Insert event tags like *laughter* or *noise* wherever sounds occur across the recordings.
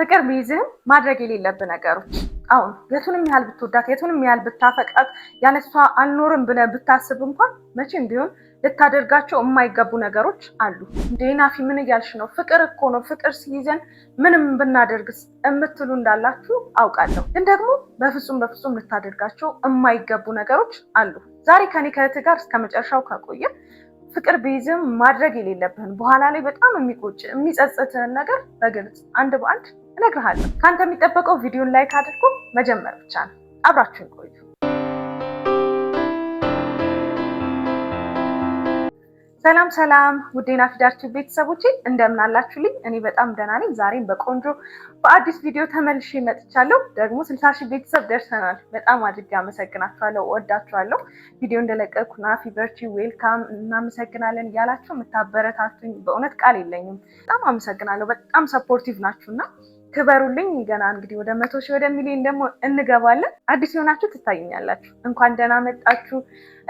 ፍቅር ቢይዝህም ማድረግ የሌለብህ ነገሮች አሁን የቱንም ያህል ብትወዳት የቱንም ያህል ብታፈቃት ያለሷ አልኖርም ብለህ ብታስብ እንኳን መቼም ቢሆን ልታደርጋቸው የማይገቡ ነገሮች አሉ። ዴናፊ ናፊ ምን እያልሽ ነው? ፍቅር እኮ ነው። ፍቅር ሲይዘን ምንም ብናደርግስ የምትሉ እንዳላችሁ አውቃለሁ። ግን ደግሞ በፍጹም በፍጹም ልታደርጋቸው የማይገቡ ነገሮች አሉ። ዛሬ ከኔ ከእህትህ ጋር እስከ መጨረሻው ከቆየ ፍቅር ቢይዝም ማድረግ የሌለብህን በኋላ ላይ በጣም የሚቆጭ የሚጸጽትህን ነገር በግልጽ አንድ በአንድ እነግርሃለሁ። ከአንተ የሚጠበቀው ቪዲዮን ላይክ አድርጎ መጀመር ብቻ ነው። አብራችሁን ቆዩ። ሰላም ሰላም፣ ውዴና ናፊዳችሁ ቤተሰቦች እንደምን አላችሁልኝ? እኔ በጣም ደህና ነኝ። ዛሬም በቆንጆ በአዲስ ቪዲዮ ተመልሼ መጥቻለሁ። ደግሞ ስልሳ ሺህ ቤተሰብ ደርሰናል። በጣም አድርጌ አመሰግናችኋለሁ፣ ወዳችኋለሁ። ቪዲዮ እንደለቀቅኩ ናፊ በርቺ፣ ዌልካም፣ እናመሰግናለን እያላችሁ የምታበረታቱኝ በእውነት ቃል የለኝም። በጣም አመሰግናለሁ። በጣም ሰፖርቲቭ ናችሁና ክበሩልኝ። ገና እንግዲህ ወደ መቶ ሺህ ወደ ሚሊዮን ደግሞ እንገባለን። አዲስ የሆናችሁ ትታይኛላችሁ፣ እንኳን ደህና መጣችሁ።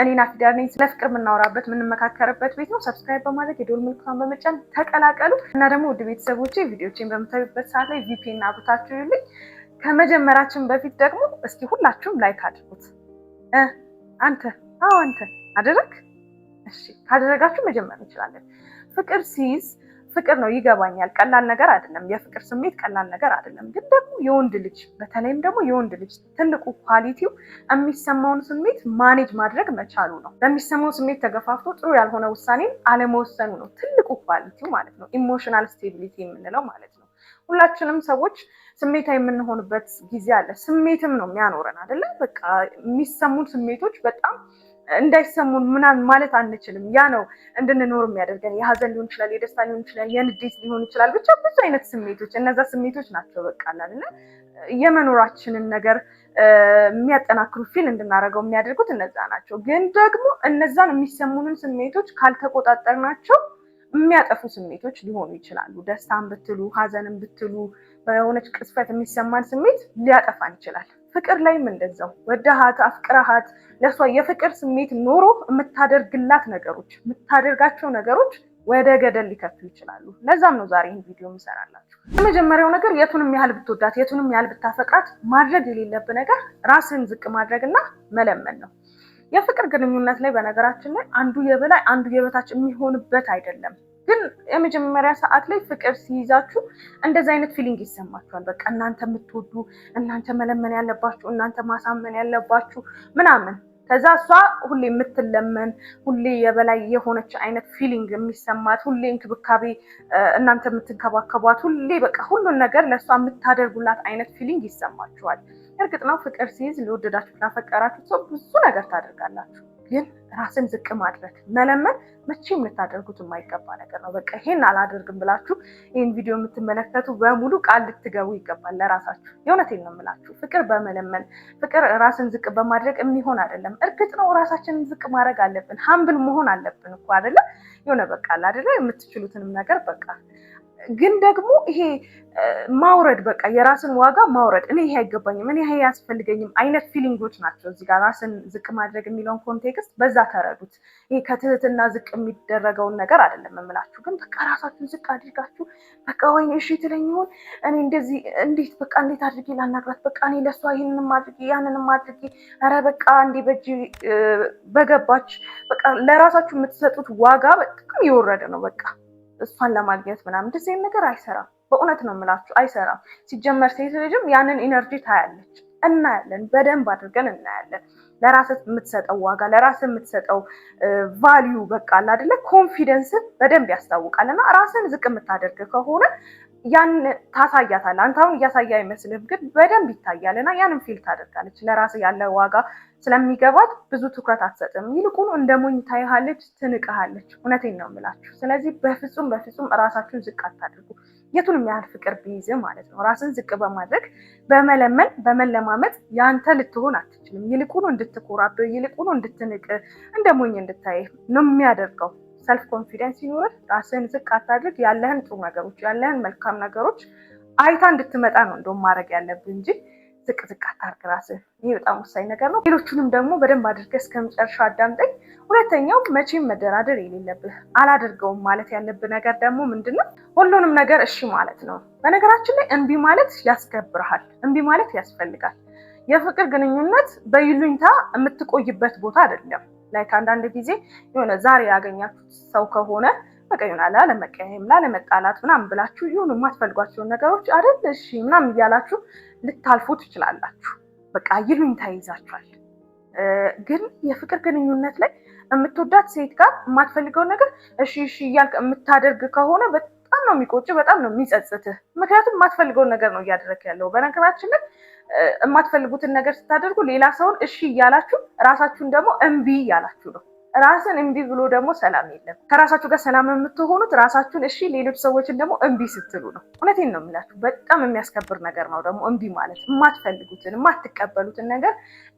እኔና ናፊዳር ነኝ። ስለ ፍቅር የምናወራበት የምንመካከርበት ቤት ነው። ሰብስክራይብ በማድረግ የዶል ምልክቷን በመጫን ተቀላቀሉ እና ደግሞ ውድ ቤተሰቦቼ ቪዲዮችን በምታዩበት ሰዓት ላይ እና ቦታችሁ ይልኝ። ከመጀመራችን በፊት ደግሞ እስኪ ሁላችሁም ላይክ አድርጉት። አንተ አዎ፣ አንተ አደረግ። እሺ፣ ካደረጋችሁ መጀመር እንችላለን። ፍቅር ሲይዝ ፍቅር ነው ይገባኛል። ቀላል ነገር አይደለም። የፍቅር ስሜት ቀላል ነገር አይደለም። ግን ደግሞ የወንድ ልጅ በተለይም ደግሞ የወንድ ልጅ ትልቁ ኳሊቲው የሚሰማውን ስሜት ማኔጅ ማድረግ መቻሉ ነው። በሚሰማው ስሜት ተገፋፍቶ ጥሩ ያልሆነ ውሳኔን አለመወሰኑ ነው ትልቁ ኳሊቲው ማለት ነው። ኢሞሽናል ስቴቢሊቲ የምንለው ማለት ነው። ሁላችንም ሰዎች ስሜታ የምንሆንበት ጊዜ አለ። ስሜትም ነው የሚያኖረን አይደለም። በቃ የሚሰሙን ስሜቶች በጣም እንዳይሰሙን ምናምን ማለት አንችልም። ያ ነው እንድንኖር የሚያደርገን። የሀዘን ሊሆን ይችላል፣ የደስታ ሊሆን ይችላል፣ የንዴት ሊሆን ይችላል። ብቻ ብዙ አይነት ስሜቶች፣ እነዛ ስሜቶች ናቸው በቃላል እና የመኖራችንን ነገር የሚያጠናክሩ ፊል እንድናደርገው የሚያደርጉት እነዛ ናቸው። ግን ደግሞ እነዛን የሚሰሙንን ስሜቶች ካልተቆጣጠርናቸው የሚያጠፉ ስሜቶች ሊሆኑ ይችላሉ። ደስታን ብትሉ ሀዘንን ብትሉ በሆነች ቅስፈት የሚሰማን ስሜት ሊያጠፋን ይችላል። ፍቅር ላይም እንደዛው ወደሃት አፍቅረሃት ለእሷ የፍቅር ስሜት ኖሮ የምታደርግላት ነገሮች የምታደርጋቸው ነገሮች ወደ ገደል ሊከቱ ይችላሉ። ለዛም ነው ዛሬ ይህን ቪዲዮ የምሰራላችሁ። የመጀመሪያው ነገር የቱንም ያህል ብትወዳት፣ የቱንም ያህል ብታፈቅራት ማድረግ የሌለብህ ነገር ራስን ዝቅ ማድረግና መለመን ነው። የፍቅር ግንኙነት ላይ በነገራችን ላይ አንዱ የበላይ አንዱ የበታች የሚሆንበት አይደለም። ግን የመጀመሪያ ሰዓት ላይ ፍቅር ሲይዛችሁ እንደዚህ አይነት ፊሊንግ ይሰማችኋል። በቃ እናንተ የምትወዱ እናንተ መለመን ያለባችሁ እናንተ ማሳመን ያለባችሁ ምናምን ከዛ እሷ ሁሌ የምትለመን ሁሌ የበላይ የሆነች አይነት ፊሊንግ የሚሰማት ሁሌ እንክብካቤ እናንተ የምትንከባከቧት ሁሌ በቃ ሁሉን ነገር ለእሷ የምታደርጉላት አይነት ፊሊንግ ይሰማችኋል። እርግጥ ነው ፍቅር ሲይዝ ለወደዳችሁ ላፈቀራችሁ ሰው ብዙ ነገር ታደርጋላችሁ። ግን ራስን ዝቅ ማድረግ መለመን መቼም ልታደርጉት የማይገባ ነገር ነው። በቃ ይሄን አላደርግም ብላችሁ ይህን ቪዲዮ የምትመለከቱ በሙሉ ቃል ልትገቡ ይገባል ለራሳችሁ። የእውነቴን ነው የምላችሁ። ፍቅር በመለመን ፍቅር ራስን ዝቅ በማድረግ የሚሆን አይደለም። እርግጥ ነው ራሳችንን ዝቅ ማድረግ አለብን፣ ሀምብል መሆን አለብን እኮ አይደለም። የሆነ በቃ አለ የምትችሉትንም ነገር በቃ ግን ደግሞ ይሄ ማውረድ በቃ የራስን ዋጋ ማውረድ እኔ ይሄ አይገባኝም፣ እኔ ይሄ አያስፈልገኝም አይነት ፊሊንጎች ናቸው። እዚህ ጋር ራስን ዝቅ ማድረግ የሚለውን ኮንቴክስት በዛ ተረዱት። ይሄ ከትህትና ዝቅ የሚደረገውን ነገር አይደለም የምላችሁ። ግን በቃ ራሳችሁን ዝቅ አድርጋችሁ በቃ ወይ እሺ ትለኝሆን እኔ እንደዚህ እንዴት በቃ እንዴት አድርጌ ላናግራት በቃ እኔ ለእሷ ይህንን ማድርጌ ያንን ማድርጌ፣ ኧረ በቃ እንዴ በእጅ በገባች በቃ ለራሳችሁ የምትሰጡት ዋጋ በጣም የወረደ ነው በቃ እሷን ለማግኘት ምናምን ደስ ነገር አይሰራም። በእውነት ነው የምላችሁ አይሰራም። ሲጀመር ሴት ልጅም ያንን ኢነርጂ ታያለች፣ እናያለን፣ በደንብ አድርገን እናያለን። ለራስ የምትሰጠው ዋጋ ለራስ የምትሰጠው ቫሊዩ በቃ አላደለ ኮንፊደንስ በደንብ ያስታውቃል። እና ራስን ዝቅ የምታደርግ ከሆነ ያን ታሳያታል። አንተ አሁን እያሳየ አይመስልም፣ ግን በደንብ ይታያል እና ያንም ፊል ታደርጋለች። ለራስ ያለ ዋጋ ስለሚገባት ብዙ ትኩረት አትሰጥም። ይልቁኑ እንደ ሞኝ ታይሃለች፣ ትንቅሃለች። እውነቴን ነው የምላችሁ። ስለዚህ በፍጹም በፍጹም ራሳችሁን ዝቅ አታድርጉ፣ የቱንም ያህል ፍቅር ቢይዝ ማለት ነው። ራስን ዝቅ በማድረግ በመለመን በመለማመጥ ያንተ ልትሆን አትችልም። ይልቁኑ እንድትኮራብህ፣ ይልቁኑ እንድትንቅ፣ እንደ ሞኝ እንድታይህ ነው የሚያደርገው። ሰልፍ ኮንፊደንስ ይኑርህ። ራስህን ዝቅ አታድርግ። ያለህን ጥሩ ነገሮች ያለህን መልካም ነገሮች አይታ እንድትመጣ ነው እንደውም ማድረግ ያለብህ እንጂ ዝቅ ዝቅ አታርግ ራስህን። ይህ በጣም ወሳኝ ነገር ነው። ሌሎቹንም ደግሞ በደንብ አድርገህ እስከ መጨረሻ አዳምጠኝ። ሁለተኛው መቼም መደራደር የሌለብህ አላደርገውም ማለት ያለብህ ነገር ደግሞ ምንድን ነው? ሁሉንም ነገር እሺ ማለት ነው። በነገራችን ላይ እምቢ ማለት ያስገብርሃል፣ እምቢ ማለት ያስፈልጋል። የፍቅር ግንኙነት በይሉኝታ የምትቆይበት ቦታ አይደለም። ላይክ አንዳንድ ጊዜ የሆነ ዛሬ ያገኛችሁት ሰው ከሆነ በቃ ይሆን ላለመቀየም ላለመጣላት ምናምን ብላችሁ ይሁን የማትፈልጓቸውን ነገሮች አይደል እሺ ምናምን እያላችሁ ልታልፉ ትችላላችሁ። በቃ ይሉኝታ ይዛችኋል። ግን የፍቅር ግንኙነት ላይ የምትወዳት ሴት ጋር የማትፈልገውን ነገር እሺ እሺ እያልክ የምታደርግ ከሆነ በጣም ነው የሚቆጭ፣ በጣም ነው የሚጸጽትህ። ምክንያቱም የማትፈልገውን ነገር ነው እያደረግ ያለው። በነገራችን ላይ የማትፈልጉትን ነገር ስታደርጉ ሌላ ሰውን እሺ እያላችሁ ራሳችሁን ደግሞ እምቢ እያላችሁ ነው። ራስን እምቢ ብሎ ደግሞ ሰላም የለም። ከራሳችሁ ጋር ሰላም የምትሆኑት ራሳችሁን እሺ፣ ሌሎች ሰዎችን ደግሞ እምቢ ስትሉ ነው። እውነቴን ነው የምላችሁ፣ በጣም የሚያስከብር ነገር ነው ደግሞ እምቢ ማለት። የማትፈልጉትን የማትቀበሉትን ነገር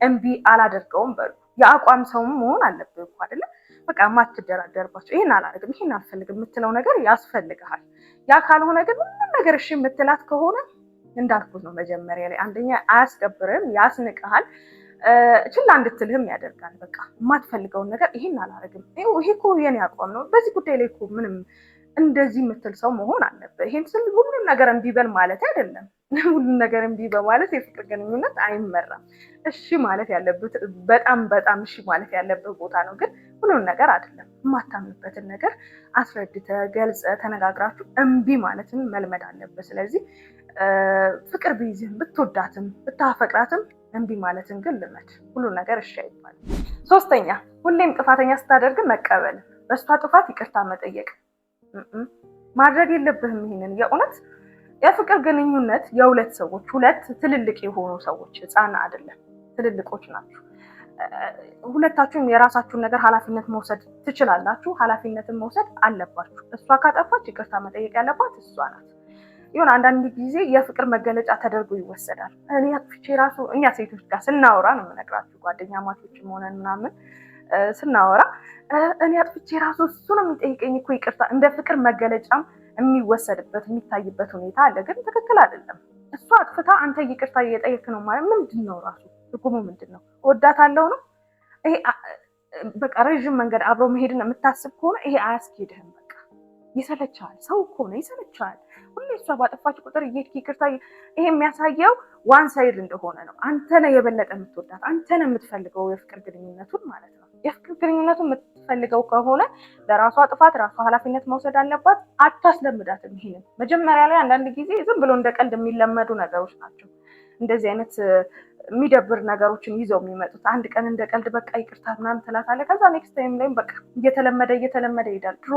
እምቢ አላደርገውም በሉ። የአቋም ሰውም መሆን አለብህ እኮ አይደለም። በቃ የማትደራደርባቸው ይህን አላደርግም፣ ይህን አልፈልግም የምትለው ነገር ያስፈልግሃል። ያ ካልሆነ ግን ምንም ነገር እሺ የምትላት ከሆነ እንዳልኩት ነው መጀመሪያ ላይ አንደኛ አያስገብርም፣ ያስንቅሃል፣ ችላ እንድትልህም ያደርጋል። በቃ የማትፈልገውን ነገር ይህን አላረግም፣ ይሄ እኮ የኔ አቋም ነው፣ በዚህ ጉዳይ ላይ እኮ ምንም እንደዚህ የምትል ሰው መሆን አለበት። ይሄን ስል ሁሉን ነገር እምቢ በል ማለት አይደለም። *laughs* ሁሉን ነገር እምቢ በማለት የፍቅር ግንኙነት አይመራም። እሺ ማለት ያለበት በጣም በጣም እሺ ማለት ያለበት ቦታ ነው፣ ግን ሁሉን ነገር አይደለም። የማታምንበትን ነገር አስረድተ ገልጸ ተነጋግራችሁ እምቢ ማለትን መልመድ አለበት። ስለዚህ ፍቅር ቢይዝህም ብትወዳትም ብታፈቅራትም እምቢ ማለትን ግን ልመድ። ሁሉ ነገር እሺ አይባልም። ሶስተኛ ሁሌም ጥፋተኛ ስታደርግ መቀበል፣ በእሷ ጥፋት ይቅርታ መጠየቅ ማድረግ የለብህም ይሄንን። የእውነት የፍቅር ግንኙነት የሁለት ሰዎች ሁለት ትልልቅ የሆኑ ሰዎች ህፃን አይደለም፣ ትልልቆች ናቸው። ሁለታችሁም የራሳችሁን ነገር ኃላፊነት መውሰድ ትችላላችሁ። ኃላፊነትን መውሰድ አለባችሁ። እሷ ካጠፋች ይቅርታ መጠየቅ ያለባት እሷ ናት። ይሁን አንዳንድ ጊዜ የፍቅር መገለጫ ተደርጎ ይወሰዳል። እኔ አጥፍቼ ራሱ እኛ ሴቶች ጋር ስናወራ ነው የምነግራችሁ ጓደኛ ማቾችም ሆነን ምናምን ስናወራ እኔ አጥፍቼ ራሱ እሱ ነው የሚጠይቀኝ እኮ ይቅርታ፣ እንደ ፍቅር መገለጫም የሚወሰድበት የሚታይበት ሁኔታ አለ። ግን ትክክል አይደለም። እሱ አጥፍታ አንተ ይቅርታ እየጠየክ ነው ማለት ምንድን ነው? ራሱ ትርጉሙ ምንድን ነው? እወዳታለሁ ነው ይሄ? በቃ ረዥም መንገድ አብሮ መሄድን የምታስብ ከሆነ ይሄ አያስኬድህም። በቃ ይሰለቻል። ሰው ከሆነ ይሰለቻል። ሁሌ እሷ ባጠፋች ቁጥር እየሄድክ ይቅርታ። ይሄ የሚያሳየው ዋን ሳይድ እንደሆነ ነው። አንተ ነህ የበለጠ የምትወዳት፣ አንተ ነህ የምትፈልገው የፍቅር ግንኙነቱን ማለት ነው። የፍቅር ግንኙነቱ የምትፈልገው ከሆነ ለራሷ ጥፋት ራሷ ኃላፊነት መውሰድ አለባት። አታስለምዳትም። ይሄንን መጀመሪያ ላይ አንዳንድ ጊዜ ዝም ብሎ እንደ ቀልድ የሚለመዱ ነገሮች ናቸው እንደዚህ አይነት የሚደብር ነገሮችን ይዘው የሚመጡት አንድ ቀን እንደ ቀልድ በቃ ይቅርታ ምናምን ትላታለህ። ከዛ ኔክስት ታይም ላይም በቃ እየተለመደ እየተለመደ ይሄዳል። ድሮ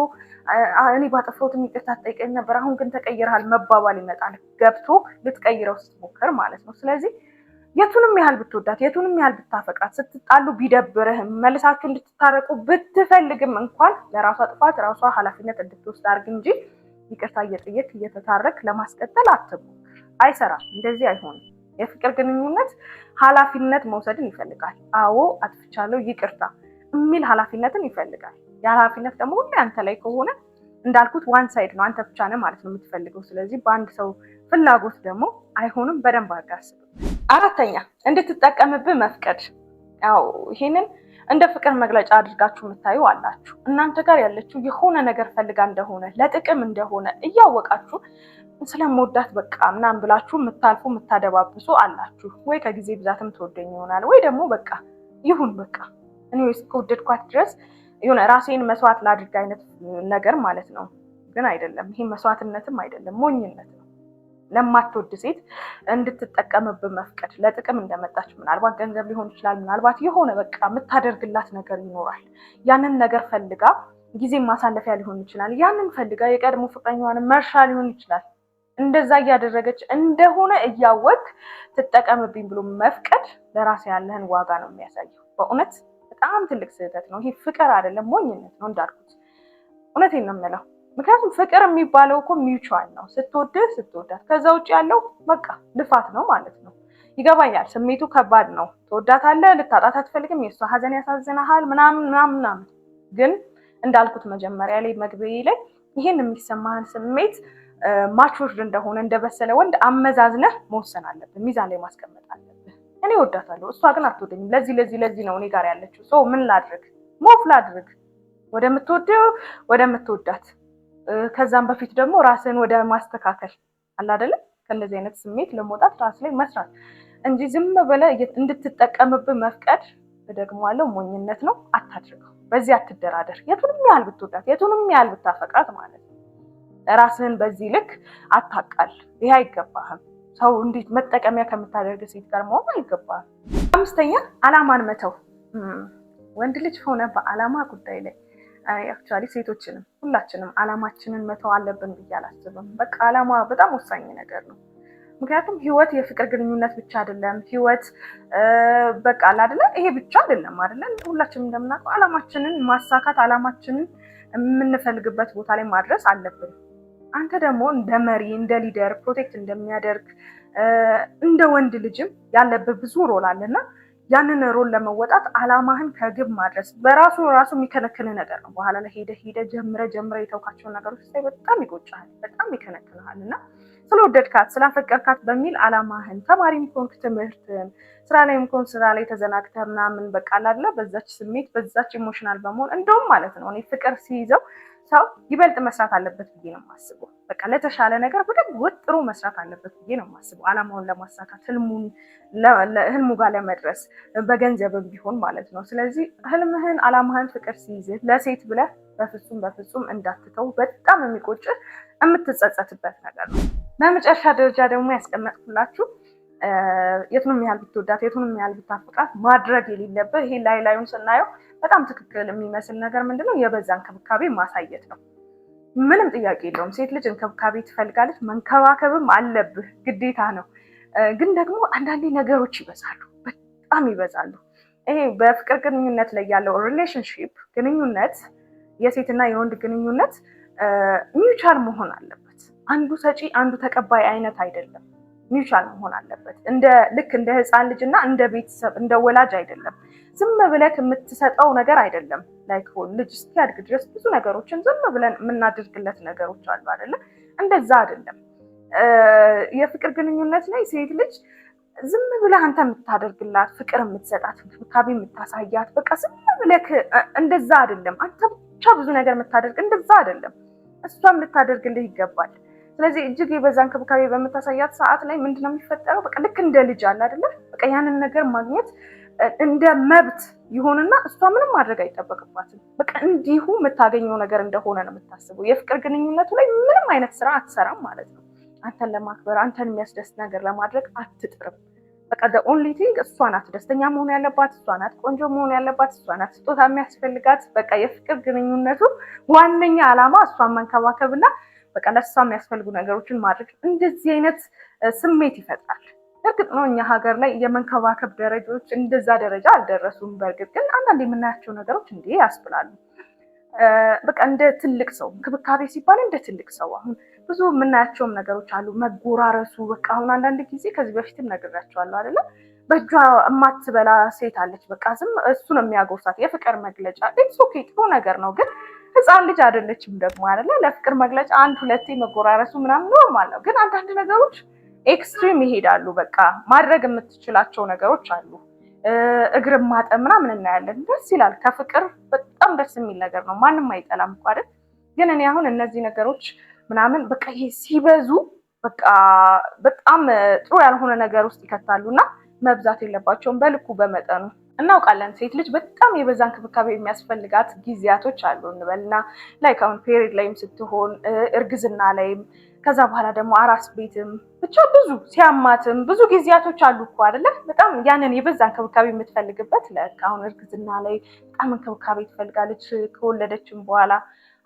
እኔ ባጠፋሁትም ይቅርታ ትጠይቀኝ ነበር፣ አሁን ግን ተቀይረሃል መባባል ይመጣል። ገብቶ ልትቀይረው ስትሞክር ማለት ነው። ስለዚህ የቱንም ያህል ብትወዳት የቱንም ያህል ብታፈቅራት ስትጣሉ ቢደብርህም መልሳችሁ እንድትታረቁ ብትፈልግም እንኳን ለራሷ ጥፋት ራሷ ኃላፊነት እንድትወስድ አድርግ እንጂ ይቅርታ እየጠየቅ እየተታረክ ለማስቀጠል አትሙ። አይሰራም፣ እንደዚህ አይሆንም። የፍቅር ግንኙነት ኃላፊነት መውሰድን ይፈልጋል። አዎ አጥፍቻለሁ፣ ይቅርታ የሚል ኃላፊነትን ይፈልጋል። የኃላፊነት ደግሞ ሁሌ አንተ ላይ ከሆነ እንዳልኩት ዋን ሳይድ ነው፣ አንተ ብቻ ነህ ማለት ነው የምትፈልገው። ስለዚህ በአንድ ሰው ፍላጎት ደግሞ አይሆንም። በደንብ አጋስብ አራተኛ እንድትጠቀምብህ መፍቀድ። ያው ይሄንን እንደ ፍቅር መግለጫ አድርጋችሁ የምታዩ አላችሁ። እናንተ ጋር ያለችው የሆነ ነገር ፈልጋ እንደሆነ ለጥቅም እንደሆነ እያወቃችሁ ስለመወዳት በቃ ምናምን ብላችሁ የምታልፉ የምታደባብሱ አላችሁ። ወይ ከጊዜ ብዛትም ትወደኝ ይሆናል፣ ወይ ደግሞ በቃ ይሁን በቃ እኔ እስከወደድኳት ድረስ የሆነ ራሴን መስዋዕት ላድርግ አይነት ነገር ማለት ነው። ግን አይደለም። ይህ መስዋዕትነትም አይደለም፣ ሞኝነት ነው። ለማትወድ ሴት እንድትጠቀምብህ መፍቀድ፣ ለጥቅም እንደመጣች ምናልባት ገንዘብ ሊሆን ይችላል፣ ምናልባት የሆነ በቃ የምታደርግላት ነገር ይኖራል። ያንን ነገር ፈልጋ ጊዜ ማሳለፊያ ሊሆን ይችላል። ያንን ፈልጋ የቀድሞ ፍቅረኛዋን መርሻ ሊሆን ይችላል። እንደዛ እያደረገች እንደሆነ እያወቅ ትጠቀምብኝ ብሎ መፍቀድ ለራስ ያለህን ዋጋ ነው የሚያሳየው። በእውነት በጣም ትልቅ ስህተት ነው ይሄ። ፍቅር አይደለም ሞኝነት ነው እንዳልኩት። እውነቴን ነው የምለው። ምክንያቱም ፍቅር የሚባለው እኮ ሚውቹዋል ነው። ስትወድህ ስትወዳት። ከዛ ውጭ ያለው በቃ ልፋት ነው ማለት ነው። ይገባኛል፣ ስሜቱ ከባድ ነው። ትወዳታለህ፣ ልታጣት አትፈልግም። የእሷ ሀዘን ያሳዝናሃል፣ ምናምን ምናምን ምናምን። ግን እንዳልኩት መጀመሪያ ላይ መግቢያ ላይ ይህን የሚሰማህን ስሜት ማቾርድ እንደሆነ እንደበሰለ ወንድ አመዛዝነህ መወሰን አለብህ፣ ሚዛን ላይ ማስቀመጥ አለብህ። እኔ እወዳታለሁ፣ እሷ ግን አትወደኝም። ለዚህ ለዚህ ለዚህ ነው እኔ ጋር ያለችው ሰው ምን ላድርግ? ሞፍ ላድርግ ወደምትወደው ወደምትወዳት ከዛም በፊት ደግሞ ራስን ወደ ማስተካከል አለ አይደለም ከእንደዚህ አይነት ስሜት ለመውጣት ራስ ላይ መስራት እንጂ ዝም ብለህ እንድትጠቀምብህ መፍቀድ እደግማለሁ፣ ሞኝነት ነው። አታድርገው። በዚህ አትደራደር። የቱንም ያህል ብትወዳት፣ የቱንም ያህል ብታፈቅራት ማለት ነው። ራስህን በዚህ ልክ አታቃል። ይህ አይገባህም። ሰው እንዴት መጠቀሚያ ከምታደርግ ሴት ጋር መሆን አይገባህም። አምስተኛ አላማን መተው። ወንድ ልጅ ሆነ በአላማ ጉዳይ ላይ አክቹዋሊ ሴቶችንም ሁላችንም አላማችንን መተው አለብን ብዬ አላስብም። በቃ አላማ በጣም ወሳኝ ነገር ነው። ምክንያቱም ህይወት የፍቅር ግንኙነት ብቻ አይደለም። ህይወት በቃ አላደለ ይሄ ብቻ አይደለም አደለ። ሁላችንም እንደምናውቀው አላማችንን ማሳካት አላማችንን የምንፈልግበት ቦታ ላይ ማድረስ አለብን። አንተ ደግሞ እንደ መሪ እንደ ሊደር ፕሮቴክት እንደሚያደርግ እንደ ወንድ ልጅም ያለብህ ብዙ ሮል አለና ያንን ሮል ለመወጣት አላማህን ከግብ ማድረስ በራሱ ራሱ የሚከነክን ነገር ነው። በኋላ ላይ ሄደ ሄደ ጀምረ ጀምረ የተውካቸውን ነገሮች ላይ በጣም ይቆጫል፣ በጣም ይከነክንሃል። እና ስለወደድካት ስላፈቀርካት በሚል አላማህን ተማሪም ከሆንክ ትምህርትን፣ ስራ ላይም ከሆንክ ስራ ላይ ተዘናግተ ምናምን በቃ ላለ በዛች ስሜት በዛች ኢሞሽናል በመሆን እንደውም ማለት ነው እኔ ፍቅር ሲይዘው ሰው ይበልጥ መስራት አለበት ብዬ ነው የማስበው። በቃ ለተሻለ ነገር በደንብ ወጥሮ መስራት አለበት ብዬ ነው የማስበው። አላማውን ለማሳካት ህልሙ ጋር ለመድረስ በገንዘብም ቢሆን ማለት ነው። ስለዚህ ህልምህን፣ አላማህን ፍቅር ሲይዝህ ለሴት ብለህ በፍጹም በፍጹም እንዳትተው። በጣም የሚቆጭ የምትጸጸትበት ነገር ነው። በመጨረሻ ደረጃ ደግሞ ያስቀመጥኩላችሁ የቱንም ያህል ብትወዳት የቱንም ያህል ብታፍቃት ማድረግ የሌለብህ ይሄ ላይ ላዩን ስናየው በጣም ትክክል የሚመስል ነገር ምንድነው የበዛ እንክብካቤ ማሳየት ነው። ምንም ጥያቄ የለውም። ሴት ልጅ እንክብካቤ ትፈልጋለች፣ መንከባከብም አለብህ ግዴታ ነው። ግን ደግሞ አንዳንዴ ነገሮች ይበዛሉ፣ በጣም ይበዛሉ። ይሄ በፍቅር ግንኙነት ላይ ያለው ሪሌሽንሽፕ ግንኙነት፣ የሴትና የወንድ ግንኙነት ሚውቻል መሆን አለበት። አንዱ ሰጪ አንዱ ተቀባይ አይነት አይደለም። ሚውቻል መሆን አለበት። እንደ ልክ እንደ ህፃን ልጅ እና እንደ ቤተሰብ እንደ ወላጅ አይደለም። ዝም ብለህ የምትሰጠው ነገር አይደለም። ላይክ ሆን ልጅ እስኪያድግ ድረስ ብዙ ነገሮችን ዝም ብለን የምናደርግለት ነገሮች አሉ አይደለ? እንደዛ አይደለም። የፍቅር ግንኙነት ላይ ሴት ልጅ ዝም ብለህ አንተ የምታደርግላት ፍቅር የምትሰጣት እንክብካቤ የምታሳያት በቃ ዝም ብለህ እንደዛ አይደለም። አንተ ብቻ ብዙ ነገር የምታደርግ እንደዛ አይደለም። እሷም ልታደርግልህ ይገባል። ስለዚህ እጅግ የበዛ እንክብካቤ በምታሳያት ሰዓት ላይ ምንድነው የሚፈጠረው? በቃ ልክ እንደ ልጅ አለ አይደለ? በቃ ያንን ነገር ማግኘት እንደ መብት ይሆንና እሷ ምንም ማድረግ አይጠበቅባትም። በቃ እንዲሁ የምታገኘው ነገር እንደሆነ ነው የምታስበው። የፍቅር ግንኙነቱ ላይ ምንም አይነት ስራ አትሰራም ማለት ነው። አንተን ለማክበር አንተን የሚያስደስት ነገር ለማድረግ አትጥርም። በቃ ኦንሊ ቲንግ እሷ ናት ደስተኛ መሆን ያለባት፣ እሷ ናት ቆንጆ መሆን ያለባት፣ እሷ ናት ስጦታ የሚያስፈልጋት። በቃ የፍቅር ግንኙነቱ ዋነኛ ዓላማ እሷን መንከባከብና በቃ ለእሷ የሚያስፈልጉ ነገሮችን ማድረግ እንደዚህ አይነት ስሜት ይፈጥራል። እርግጥ ነው እኛ ሀገር ላይ የመንከባከብ ደረጃዎች እንደዛ ደረጃ አልደረሱም። በእርግጥ ግን አንዳንድ የምናያቸው ነገሮች እንዲህ ያስብላሉ። በቃ እንደ ትልቅ ሰው እንክብካቤ ሲባል እንደ ትልቅ ሰው አሁን ብዙ የምናያቸውም ነገሮች አሉ። መጎራረሱ በቃ አሁን አንዳንድ ጊዜ ከዚህ በፊትም ነግራቸዋለሁ አይደለም በእጇ የማትበላ ሴት አለች። በቃ ዝም እሱን የሚያጎርሳት የፍቅር መግለጫ ሶኬ ጥሩ ነገር ነው፣ ግን ህፃን ልጅ አይደለችም ደግሞ አይደለ። ለፍቅር መግለጫ አንድ ሁለቴ መጎራረሱ ምናምን ኖርማል ነው፣ ግን አንዳንድ ነገሮች ኤክስትሪም ይሄዳሉ። በቃ ማድረግ የምትችላቸው ነገሮች አሉ። እግር ማጠብ ምናምን እናያለን፣ ደስ ይላል። ከፍቅር በጣም ደስ የሚል ነገር ነው። ማንም አይጠላም እኮ አይደል? ግን እኔ አሁን እነዚህ ነገሮች ምናምን በቃ ይሄ ሲበዙ በቃ በጣም ጥሩ ያልሆነ ነገር ውስጥ ይከታሉ እና መብዛት የለባቸውም በልኩ በመጠኑ እናውቃለን ሴት ልጅ በጣም የበዛ እንክብካቤ የሚያስፈልጋት ጊዜያቶች አሉ እንበልና ላይ አሁን ፔሪድ ላይም ስትሆን እርግዝና ላይም ከዛ በኋላ ደግሞ አራስ ቤትም ብቻ ብዙ ሲያማትም ብዙ ጊዜያቶች አሉ እኮ አይደለ? በጣም ያንን የበዛ እንክብካቤ የምትፈልግበት ለክ አሁን እርግዝና ላይ በጣም እንክብካቤ ትፈልጋለች። ከወለደችም በኋላ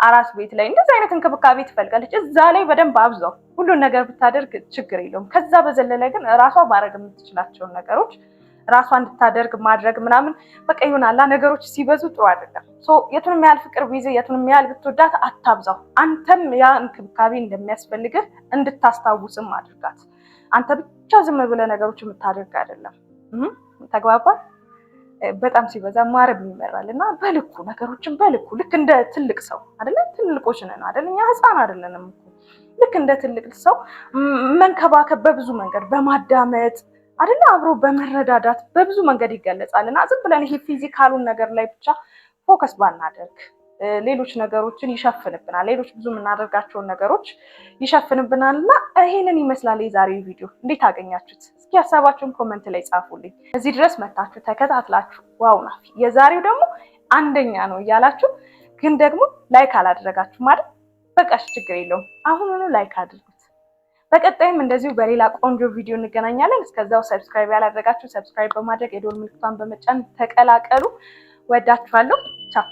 አራስ ቤት ላይ እንደዚህ አይነት እንክብካቤ ትፈልጋለች። እዛ ላይ በደንብ አብዛው ሁሉን ነገር ብታደርግ ችግር የለውም። ከዛ በዘለለ ግን ራሷ ማድረግ የምትችላቸውን ነገሮች ራሷ እንድታደርግ ማድረግ ምናምን በቃ ይሆናላ ነገሮች ሲበዙ ጥሩ አይደለም። የቱንም ያህል ፍቅር ቢይዝ የቱንም ያህል ብትወዳት አታብዛው። አንተም ያ እንክብካቤ እንደሚያስፈልግህ እንድታስታውስም አድርጋት። አንተ ብቻ ዝም ብለህ ነገሮች የምታደርግ አይደለም። ተግባባል። በጣም ሲበዛ ማረብ ይመራል እና በልኩ ነገሮችን በልኩ ልክ እንደ ትልቅ ሰው አይደለም። ትልቆች ነን አይደል? እኛ ህፃን አደለንም። ልክ እንደ ትልቅ ሰው መንከባከብ በብዙ መንገድ በማዳመጥ አይደለ አብሮ በመረዳዳት በብዙ መንገድ ይገለጻል እና ዝም ብለን ይሄ ፊዚካሉን ነገር ላይ ብቻ ፎከስ ባናደርግ ሌሎች ነገሮችን ይሸፍንብናል። ሌሎች ብዙ የምናደርጋቸውን ነገሮች ይሸፍንብናል እና ይሄንን ይመስላል የዛሬው ቪዲዮ። እንዴት አገኛችሁት? እስኪ ሀሳባችሁን ኮመንት ላይ ጻፉልኝ። እዚህ ድረስ መታችሁ ተከታትላችሁ ዋው ናፊ የዛሬው ደግሞ አንደኛ ነው እያላችሁ ግን ደግሞ ላይክ አላደረጋችሁ ማለት በቃሽ፣ ችግር የለውም አሁኑኑ ላይክ አድርጉ። በቀጣይም እንደዚሁ በሌላ ቆንጆ ቪዲዮ እንገናኛለን። እስከዛው ሰብስክራይብ ያላደረጋችሁ ሰብስክራይብ በማድረግ የዶል ምልክቷን በመጫን ተቀላቀሉ። ወዳችኋለሁ። ቻው